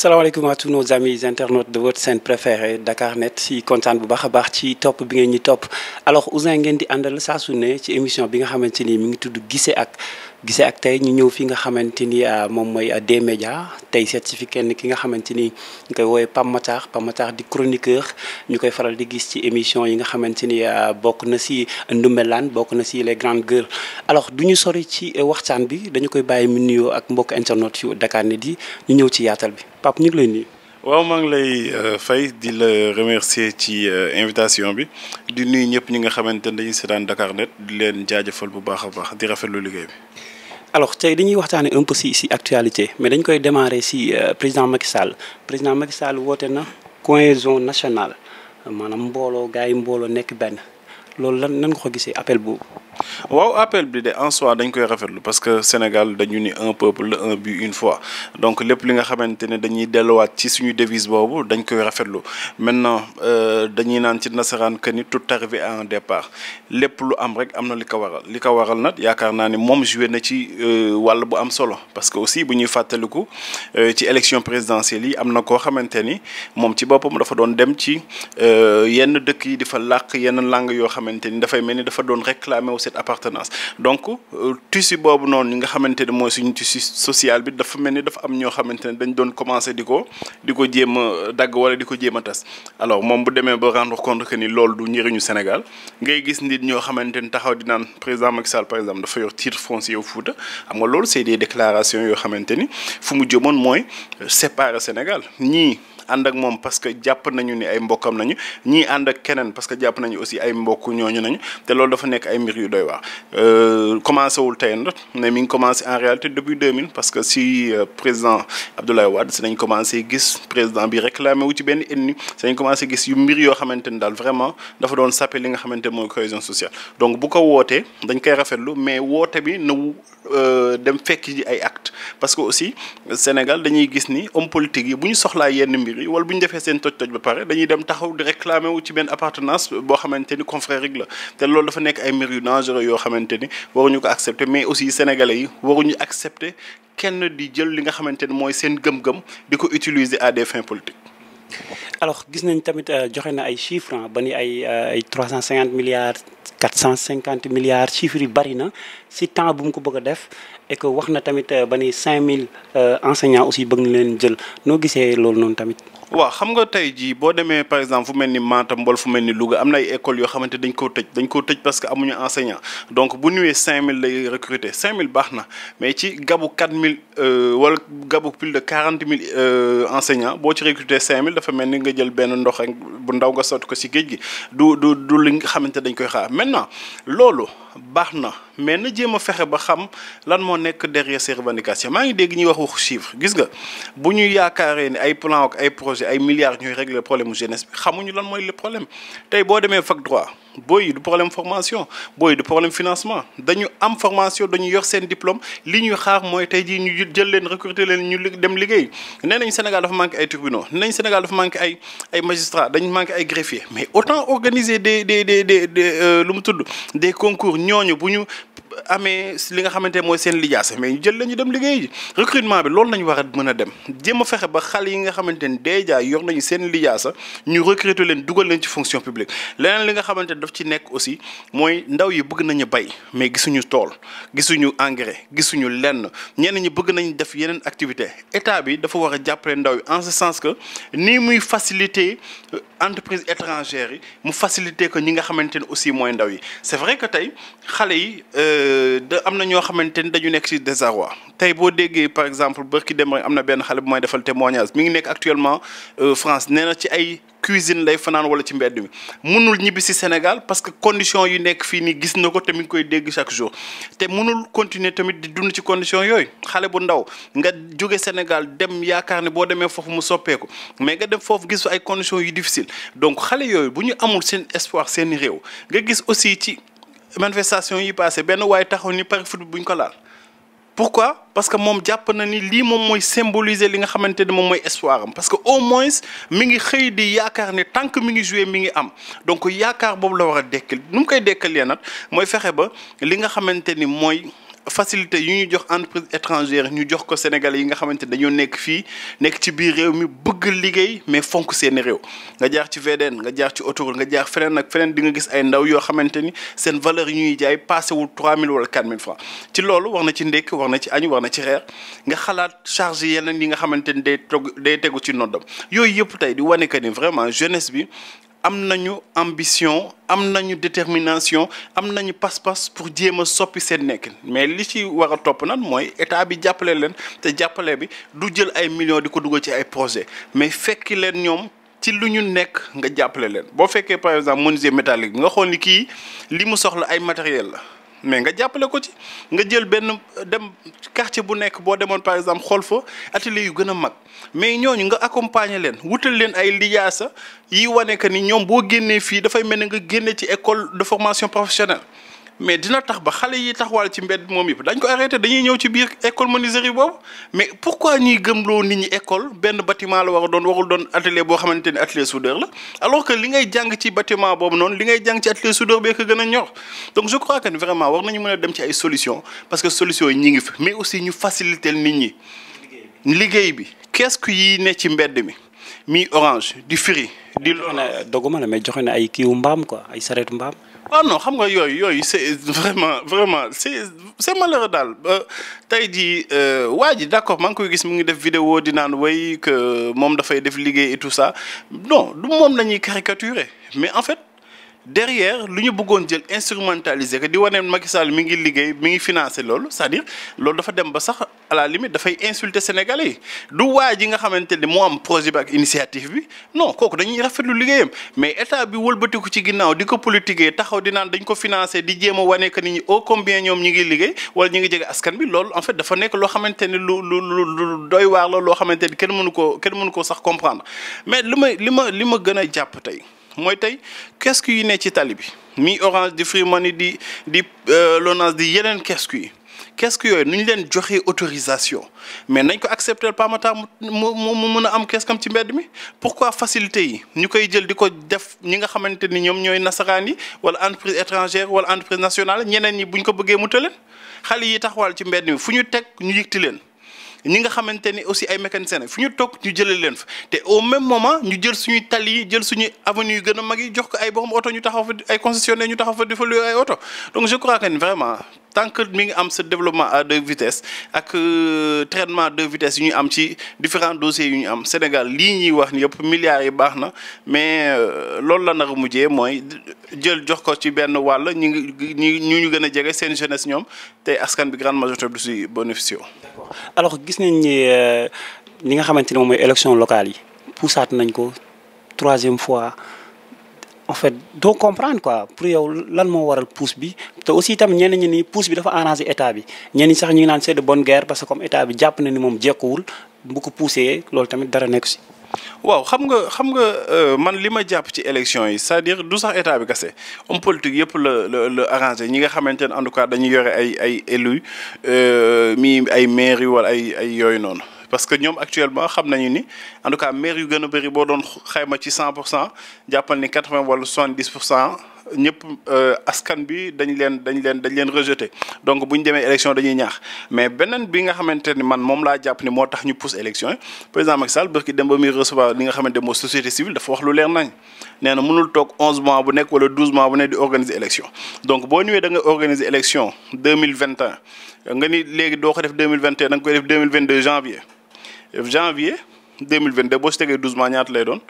salaamaaleykum à tous nos amis internautes de votre chaîne préférée Dakar Net si kontaan bu baax a baax ci topp bi ngeen ñi topp alors Ouzin ngeen di àndal saa su ne ci émission bi nga xamante ni mi ngi tudd gise ak gise ak tey ñu ñëw fi nga xamante ni ah, moom mooy ah, D-Média tey seet si kenn ki nga xamante ni ñu koy woowee Pape Matar Pape Matar di chroniqueur ñu koy faral di gis ci émission yi nga xamante ni ah, bokk na si Ndoumbelane bokk na si les grandes gueules alors du ñu sori ci eh, waxtaan bi dañu koy bàyyi mu nuyoo ak mbokk internautes yu Dakar Net ñu ñëw ci yaatal bi. Pape ñu ngi lay nii waaw maa ngi lay euh, fay di la remercier ci euh, invitation bi di nuyu ñëpp ñu nga xamante ne dañuy seetaan Dakar Net di leen jaajëfal bu baax a baax di rafetlu liggéey bi. alors tey dañuy waxtaanee un peu si actualité mais dañ koy démarrer si euh, président Macky Sall président Macky Sall woote na cohésion nationale maanaam mbooloo gars yi mbooloo nekk benn loolu lan nan nga ko gisee appel boobu. waaw appel bi de en soi dañ koy rafetlu parce que Sénégal dañu ni un peuple un but une fois donc lépp li nga xamante ne dañuy delluwaat ci suñuy devise boobu dañ koy rafetlu maintenant euh, dañuy naan ci nasaraan que ni tout arrivé à un départ lépp lu am rek am na li ko waral li ko waral nag yaakaar naa ne moom joué na ci euh, wàll bu am solo parce que aussi bu ñuy fàttaliku euh, ci élection présidentielle yi am na koo xamante ni moom ci boppam dafa doon dem ci yenn dëkk yi di fa làq yenn yoo xamante ni dafay mel ni dafa doon réclamer wu cette appartenance donc euh, tissu boobu noonu ñi nga xamante ne mooy suñu tissu social bi dafa mel ni dafa am ñoo xamante ne dañu doon commencé di ko di ko jéem a dagg wala di ko jéem a tas alors moom bu demee ba rendre compte que ni loolu du njëriñu Sénégal ngay gis nit ñoo xamante ni taxaw di naan président Macky Sall par exemple dafa yor titre foncier wu Fouta am nga loolu c'est des déclaration yoo xamante ni fu mu jëmoon mooy euh, séparer Sénégal ñii ànd ak moom parce que jàpp nañu ni ay mbokkam nañu ñii ànd ak keneen parce que jàpp nañu aussi ay mbokk ñooñu nañu te loolu dafa nekk ay mbir yu doy waar euh, commencé wul tey nag mais mi ngi commencé en réalité depuis 2000 parce que si euh, président Abdoulaye Wade gis président bi réclamé wu ci benn ennemi si nañ commencé gis yu mbir yoo xamante ni daal vraiment dafa doon sappe li nga xamante ni mooy cohésion sociale donc bu ko wootee dañ koy rafetlu mais woote bi na euh, dem fekk ji ay acte parce que aussi Sénégal dañuy gis ni homme politique yi bu ñu soxlaa yenn mbir yi wala bu ñu defee seen toj-toj ba pare dañuy dem taxaw di réclamer wu ci benn appartenance boo xamante ni confrère la te loolu dafa nekk ay mbir yu dangereux yoo xamante ni waruñu ko accepter mais aussi sénégalais yi waruñu accepter kenn di jël li nga xamante ni mooy seen gëm-gëm di ko utiliser à des fins politiques. alors gis nañ tamit euh, joxe na ay chiffres ba ni ay euh, ay trois cent cinquante milliards. quatre cent cinquante milliards chiffres yi bari na si temps bu ko bëgg a def et wax na tamit euh, ba ni cinq mille euh, enseignants aussi bëgg na leen jël noo gisee loolu noonu tamit. waaw xam nga tey jii boo demee par exemple fu mel ni Matam wala fu mel ni Louga am na ay écoles yoo xamante dañ koo tëj dañ koo parce que amuñu enseignant donc bu ñëwee 5000 lay recruter 5000 baax na mais ci gabu mille euh, wala gabu plus de 40 000 enseignants boo ci recruter 5000 dafa mel ni nga jël benn ndox bu ndaw nga sotti ko si géej gi du du du li nga xamante dañ koy xaar. maintenant loolu baax na mais na jéem fexe ba xam lan moo nekk derrière ces revendications maa ngi dégg ñuy wax waxu chiffre gis nga bu ñu yaakaaree ne ay plan ak ay projet ay milliards ñuy régler problème mu jeunesse bi xamuñu lan mooy le problème tey boo demee fac droit booy yi du problème formation booy yi du problème financement dañu am formation dañu yor seen diplôme li ñuy xaar mooy tey jii ñu jël leen recruter leen ñu dem liggéey nee nañ Sénégal dafa manqué ay tribunaux nee nañ Sénégal dafa manqué ay ay magistrats dañ manqué ay greffiers mais autant organiser des des des des euh, lu mu tudd ñooñu bu ñu amee li nga xamante mooy seen lijaasa mais ñu jël la dem liggéey ji recrutement bi loolu nañu war a mën a dem jéem a fexe ba xale yi nga xamante ne déjà yor nañu seen lijaasa ñu recruter leen dugal leen ci fonction publique leneen li nga xamante daf ci nekk aussi mooy ndaw yi bëgg nañu bay mais gisuñu tool gisuñu engrais gisuñu lenn ñenn ñi bëgg nañ def yeneen activité état bi dafa war a jàppale ndaw yi en ce sens que nii muy faciliter euh, entreprise étrangère yi mu faciliter que ñi nga xamante ne aussi mooy ndaw yi c'est que tey da am na ñoo xamante ni dañu nekk ci désarroi tey boo déggee par exemple bërki dem rek am na benn xale bu may defal témoignage mi ngi nekk actuellement euh, France nee na ci ay cuisine lay fanaan wala ci mbedd mi munul ñibbi si Sénégal parce que condition yu nekk fii nii gis na ko te mi ngi koy dégg chaque jour te mënul continuer tamit di dund ci condition yooyu xale bu ndaw nga jóge Sénégal dem yaakaar ne boo demee foofu mu soppeeku mais nga dem foofu gis fa ay conditions yu difficile donc xale yooyu bu ñu amul seen espoir seen réew nga gis aussi manifestation yi passé benn waaye taxaw ni pari foot buñ ko laal pourquoi parce que moom jàpp na ni lii moom mooy symboliser li nga xamante ne moom mooy espoir am parce que au moins mi ngi xëy di yaakaar ne tant que mi ngi joué mi ngi am donc yaakaar boobu la war a dekkal nu mu koy dekkalee nag mooy fexe ba li nga xamante ni mooy facilité yu ñu jox entreprise étrangère ñu jox ko Sénégal yi nga xamante ne dañoo nekk fii nekk ci biir réew mi bëgg liggéey mais fonk seeni réew nga jaar ci VDN nga jaar ci autoroute nga jaar feneen nag feneen di nga gis ay ndaw yoo xamante ni seen valeur yi ñuy jaay passé wul 3000 wala 4000 francs ci loolu war na ci ndékk war na ci añ war na ci reer nga xalaat charge yeneen yi nga xamante ni day togg day tegu ci noddam yooyu yëpp tey di wane que ni vraiment jeunesse bi am nañu ambition am nañu détermination am nañu pas-pas pour jéem a soppi seen nekkin mais li ci war a topp nag mooy état bi jàppale leen te jàppale bi du jël ay millions di ko dugal ci ay projet mais fekki leen ñoom ci lu ñu nekk nga jàppale leen boo fekkee par exemple menuisier métallique bi nga xool ni kii li mu soxla ay matériel la mais nga jàppale ko ci nga jël benn euh, dem quartier bu nekk boo demoon par exemple xool fa atelier yu gën a mag mais ñooñu nga accompagner leen wutal leen ay lijaasa yi wane que ni ñoom boo génnee fii dafay mel ni nga génne ci école de formation professionnelle mais dina tax ba xale yi tax taxawal ci mbedd moom yëpp dañ ko arrêté dañuy ñëw ci biir école menuiserie boobu mais pourquoi ñuy gëmloo nit ñi école benn bâtiment la war doon warul doon atelier boo xamante ni atelier soudeur la alors que li ngay jàng ci bâtiment boobu noonu li ngay jàng ci atelier soudeur bee ko gën a ñor donc je crois que vraiment war nañu mën a dem ci ay solution parce que solution yi ñi ngi fi mais aussi ñu faciliter ni ñi liggéey bi qu'est-ce que yi ne ci mbedd mi mi orange di firi di. doguma la mais joxe na ay kiiwu mbaam quoi ay sareetu mbaam. waaw ah non xam nga yooyu yooyu c'est vraiment vraiment c'est c'est malheureux daal euh, tey jii euh, waa ji d'accord maa ngi koy gis mu ngi def vidéo di naan way que moom dafay def liggéey et tout ça non du moom la ñuy caricaturer mais en fait. derrière lu ñu bëggoon jël instrumentaliser que di wanee Macky Sall mi ngi liggéey mi ngi financé loolu sa à dire loolu dafa dem ba sax à la limite dafay insulter Sénégalais yi du waa ji nga xamante ne moo am projet bi ak initiative bi non kooku dañuy rafetlu liggéeyam mais état bi wëlbatiku ci ginnaaw di ko politiquer taxaw di naan dañ ko financé di jéem a wane que nit ñi ô oh combien ñoom ñi ngi liggéey wala ñi ngi jege askan bi loolu en fait dafa nekk loo xamante ne lu lu lu doy waar loo xamante ni kenn mënu koo kenn mënu koo sax comprendre mais li ma li ma li ma gën a jàpp tey. mooy tey kesku yi ne ci tali bi mi orange di free money di di euh, lonage di yeneen kesku yi kesku yooyu nu ñu leen joxee autorisation mais nañ ko accepter pamata mu mu mu mën a am keskam ci mbedd mi pourquoi facilité yi ñu koy jël di ko def ñi nga xamante ni ñoom ñooy nasaraan yi wala entreprise étrangère wala entreprise nationale ñeneen ñi buñ ko bëggee mu tëleen xale yi tax taxawal ci mbedd mi fu ñu teg ñu yëgti leen ñi nga xamante ni aussi ay mécaniciens fu ñu toog ñu jëlee leen fa te au même moment ñu jël suñuy tali yi jël suñuy avenue yu gën a jox ko ay borom oto ñu taxaw fa ay concessionnaire ñu taxaw fa di fa ay oto donc je crois que vraiment. tant que mi ngi am ce développement de deux ak euh, traitement à deux vitesses yu ñu am ci différent dossiers yu ñu am Sénégal lii ñuy wax ni yëpp milliards yi baax na mais euh, loolu la nar a mujjee mooy jël jox ko ci benn wàll ñu ngi ñu ñu gën a jege seen jeunesse ñoom te askan bi grande majorité du si bénéficié d'accord alors gis nañ ni euh, li nga xamante ne moom mooy élection locale yi poussaat nañ ko troisième fois. en fait doo comprendre quoi pour yow lan moo waral pousse bi te aussi tamit ñenn ñi ni pousse bi dafa arrangé état bi ñenn sax ñu ngi naan c'est de bonne guerre parce que comme état bi jàpp na ni moom jekkuwul bu ko poussé loolu tamit dara nekk si. waaw xam nga xam nga euh, man li ma jàpp ci élection yi c'est-à-dire du sax état bi kese homme politique yëpp la la arrangé ñi nga xamante ne en tout cas dañuy yore ay ay élus euh, mi ay maires wala ay ay yooyu noonu. parce que ñoom actuellement xam nañu ni en tout cas maire a bëri boo doon xayma ci 100 pour cent jàppal ni 80 wala 70 pour euh, leen dañ leen dañ leen rejeté donc bu ñu demee élection dañuy ñaax mais beneen bi nga xamante ni man moom laa jàpp ni tax ñu pousse élection nga xamante moo société civile dafa wax lu leer nañ nee na mënul toog 11 mois bu nekk wala 12 mois bu nekk di organiser élection donc boo ñëwee da nga organiser élection 2021 nga ni léegi doo ko def 2021 koy def janvier janvier deux mille vingt boo si tegee douze ñaata lay doon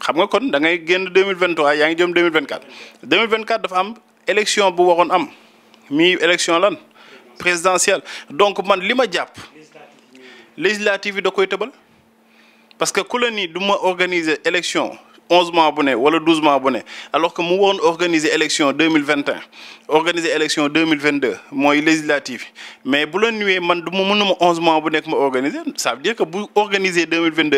xam nga kon da ngay génn deux mille vingt trois yaa ngi jëm deux mille vingt quatre. deux mille vingt quatre dafa am élection bu waroon am mi élection lan présidentielle donc man li ma jàpp législative yi da koy tëbal parce que ku la ni du ma organiser élection. onze mois bu ne wala douze mois bu ne alors que mu waroon organiser élection deux mille vingt un organiser élection mille vingt deux mooy législative mais bu la ñëwee man du ma mënuma onze mois bu nekk ma organiser ça veut dire que bu organiser deux mille vingt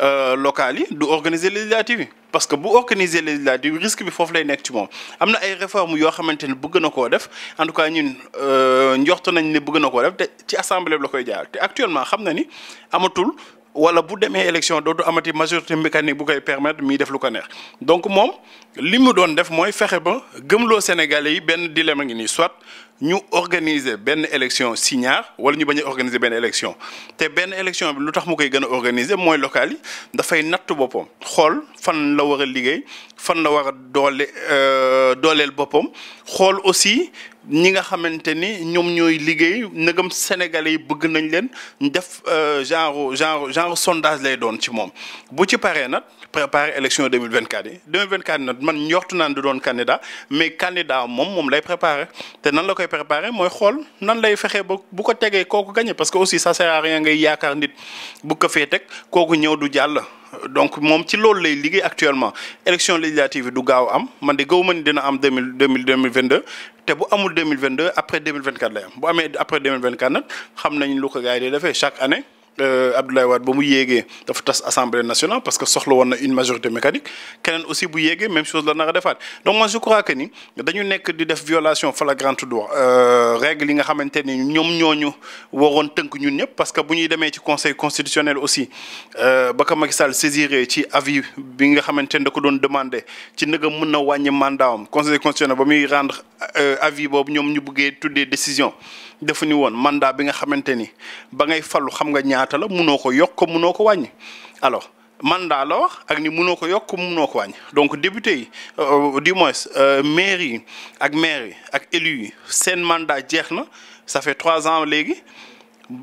euh, locale yi du organiser législative yi. parce que bu organiser législative risque bi foofu lay nekk ci moom am na ay réforme yoo xamante ne bëgg na koo def en tout cas ñun euh, njort nañ ne bëgg na ko def te ci assemblée bi koy jaar te actuellement xam na ni amatul. wala bu demee élection dootu amati majorité mécanique bu koy permettre muy def lu ko neex donc moom li mu doon def mooy fexe ba gëmloo Sénégalais yi benn dilemme ngi nii soit ñu organiser benn élection si ñaar wala ñu bañ a organiser benn élection te benn élection bi lu tax mu koy gën a mooy local dafay nattu boppam xool fan la war a liggéey fan la war a doole euh, dooleel boppam xool aussi ñi nga xamante ni ñoom ñooy liggéey nëgam sénégalais yi bëgg nañ leen def euh, genre genre genre sondage lay doon ci moom bu ci paree nag préparer élection 2024 yi 2024 nag man njortu naan du doon candidat mais candidat lay préparer koy préparer mooy xool nan lay fexee ba bu ko tegee kooku gagné parce que aussi sa sert à rien ngay yaakaar nit bu ko fee teg kooku ñëw du jàll. donc moom ci loolu lay liggéey actuellement élection législative yi du gaaw am man de gaw ma ni dina am te bu amul après deux lay am bu amee après deux nag xam nañ lu ko gars yi chaque année. Euh, Abdoulaye Wade ba mu yéegee dafa tas assemblée nationale parce que soxla woon na une majorité mécanique keneen aussi bu yéegee même chose la nar a defaat donc moi je crois que dañu nekk di def violation flagrante droit euh, règle yi nga xamante ni ñoom ñooñu waroon tënk ñun ñëpp parce que bu ñuy demee ci conseil constitutionnel aussi euh, ba ka mag Sall saisiré ci avis bi nga xamante ni da ko doon demandé ci nëgam mun na wàññi mandat am conseil constitutionnel ba muy rendre avis boobu ñoom ñu bëggee tuddee décision defu ñu woon mandaa bi nga xamante ni ba ngay fallu xam nga ñaata la munoo ko yokk munoo ko wàññi alors mandat la wax ak ni munoo ko yokk munoo ko waañ donc député yi euh, du moins euh, maire yi ak maire yi ak élus yi seen mandat jeex na ça fait trois ans léegi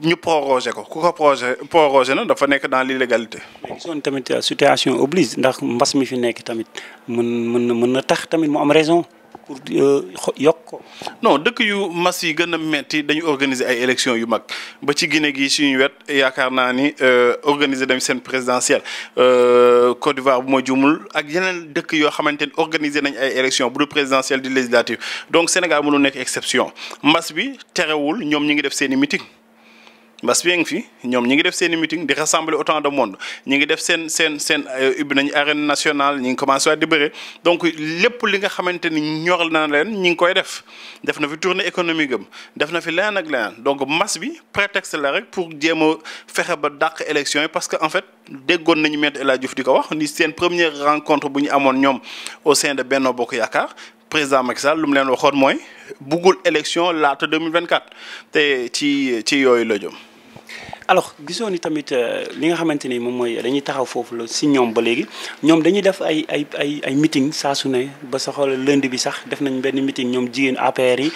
ñu prorogé ko ku ko projet prorogé na dafa nekk dans l'illégalité. mais gisoon tamit situation oblige ndax mbas mi fi nekk tamit mën mën na mën na tax tamit mu am raison. pour euh, yokk ko. non dëkk yu mas yi gën a metti dañu organiser ay élections yu mag ba ci Guinée gi suñu wet yaakaar naa ni euh, organiser dañ seen présidentielle euh, Côte d'Ivoire bu ma jumul ak yeneen dëkk yoo xamante ni organiser nañ ay élections bu dul présidentielle di législative donc Sénégal mënul nekk exception mbas bi terewul ñoom ñu ngi def seen i meeting. mbas bi ngi fi ñoom ñi ngi def seeni i meeting di rassembler autant de monde ñi ngi def seen seen seen euh, ubbi nañu arène nationale ñi ngi commencé donc lépp li nga xamante ni ñor na leen ñi ngi koy def def na fi tournée économique am def na fi leneen ak leneen donc mas bi prétexte la rek pour jéem fexe ba dàq élection parce que en fait déggoon nañu Maître El Hadji Diouf wax ni seen première rencontre bu ñu amoon ñoom au sein de benn Bokk Yaakaar président Macky Sall lu mu leen waxoon mooy buggul élection laata 2024 te ci ci yooyu la jëm alors gisoo ni tamit euh, li nga xamante ni moom mooy dañuy taxaw foofu la si ñoom ba léegi ñoom dañuy def ay ay ay ay meeting saa su ne ba sa lënd bi sax def nañ benn meeting ñoom jigéen APR yi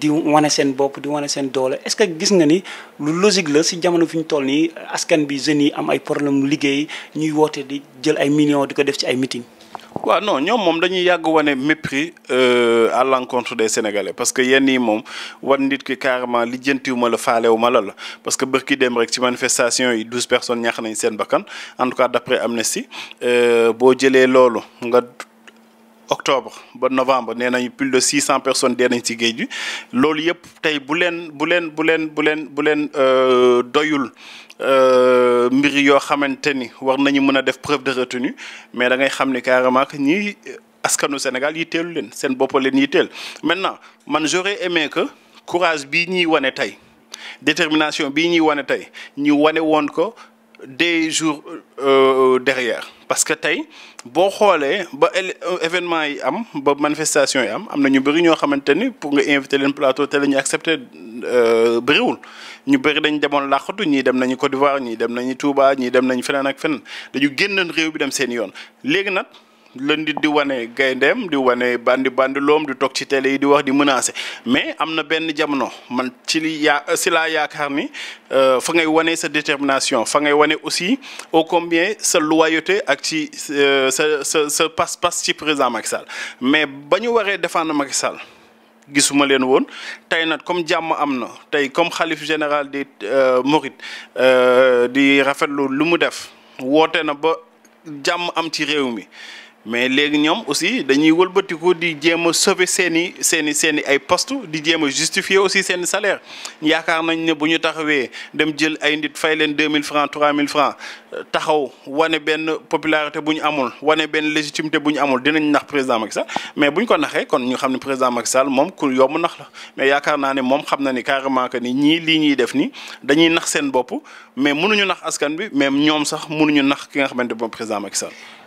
di wane seen bopp di wane seen doole est-ce que gis nga ni lu logique la si jamono fi ñu toll nii askan bi jeunes yi am ay problème liggéey ñuy woote di jël ay millions di ko def ci ay meeting waaw non ñoom moom dañuy yàgg wane mépris euh, à l'encontre de sénégalais parce que yenn yi moom wan nit ki carrément lijjantiwuma la faalewuma la la parce que bërki dem rek ci manifestation yi douze personne ñàkk nañ seen bakkan en tout cas d'après Amnesty euh, boo jëlee loolu nga. octobre ba novembre nee nañu plus de six cent personnes dee nañ ci géej gi loolu yëpp tey bu leen bu leen bu leen bu leen bu leen euh, doyul euh, mbir yoo xamante ni war nañu mën a def preuve de retenue mais da ngay xam ni carrément que ñii askanu Sénégal yi teelu leen seen bopp leen yi teel maintenant man j'aurais aimé courage bii ñuy wane tey détermination bii ñuy wane tey ñu wane woon ko. des jours euh, euh, derrière parce que tey boo xoolee ba euh, événement yi am ba manifestation yi am am na ñu bëri ñoo xamante ni pour nga invité leen plateau te la ñu accepté euh, bëriwul ñu bëri dañ demoon làqatu ñii dem nañu Côte d'Ivoire ñii dem nañu Touba ñii dem nañu feneen ak feneen dañu génnan réew bi dem seen yoon léegi nag. la nit di wane gayndeem di wane bandi bandi loom di toog ci télé yi di wax di menacer mais am na benn jamono man ci li yaa si laa yaakaar ni euh, fa ngay wane sa détermination fa ngay wane aussi au combien sa loyauté ak ci euh, sa sa sa passe-passe ci président Macky Sall mais ba ñu waree défendre Macky Sall gisuma leen woon tey nag comme jàmm am na tey comme xalif général di euh, Mouride di rafetlu lu mu def woote na ba jàmm am ci réew mi mais léegi ñoom aussi dañuy walbatiku di jéem a sauver seen i seen i seen ay poste di jéem a justifier aussi seen salaire yakaar nañ ne bu ñu taxawee dem jël ay nit fay leen deux mille francs trois mille francs euh, taxaw wane benn popularité bu ñu amul wane benn légitimité bu ñu amul dinañ nax président Macky mais buñ ko naxee kon ñu xam ne président Macky moom ku yomb nax la mais yaakaar naa ne moom xam na ni carrément que ni ñii lii ñuy def ni dañuy nax seen bopp mais mënuñu nax askan bi mais ñoom sax mënuñu nax ki nga xamante moom président Macky Sall